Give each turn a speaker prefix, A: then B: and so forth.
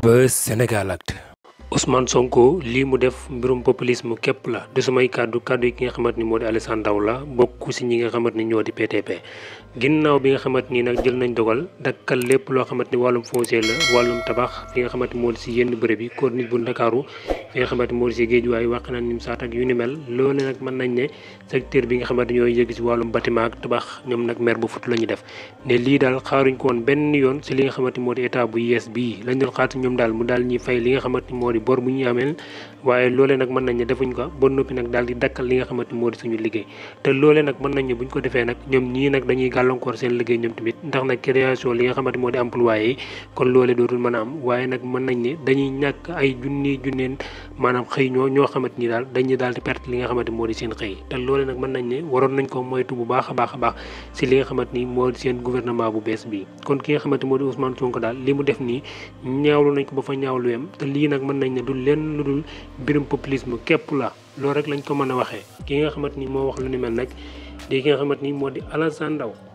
A: ba Sénégal Actu Sonko lii mu def mbirum populisme képp la du samay kàddu kàddu yi ki nga xamante ni moo di Alassane Ndao la bokk si ñi nga xamante ni ñoo di PTP ginnaaw bi nga xamante ni nag jël nañ dogal dakkal lépp loo xamante ni wàllum foncier la wàllum tabax fi nga xamante moo di si yenn bërëb yi corniche bu Ndakaaru fi nga xamante moo di si géejuwaay ni mel benn yoon si li nga xamante moo di état bu yees bii lañ doon xaar si ñoom mu daal fay li nga moo di bor bu ñuy ameel waaye loolee nag mën nañ ko ba noppi nag daal di dakkal li nga xamante moo di suñu liggéey te loolee nag mën nañ ne buñ ko defee nag ñoom ñii nag dañuy gàllankoor seen liggéey ñoom tamit ndax nag li a am waaye nag mën nañ ne dañuy ñàkk ay junni junneen maanaam ñoo ñoo xamante ni daal dañuy daal di perte li nga xamante moo di seen xëy te loole nag mën nañ ne waroon nañ ko moytu bu baax a a baax si li nga xamante ni moo bu bees bi kon ki nga xamante moo di Ousmane Sonko daal mu def nii ñaawlu nañ ko ba fa ñaawlu yem te lii nag mën nañ ne du lenn lu dul mbirum populisme képp la lool rek lañ ko mën a waxee ki nga xamante ni moo wax lu ni mel nag di ki nga xamante ni moo di Alassane Ndao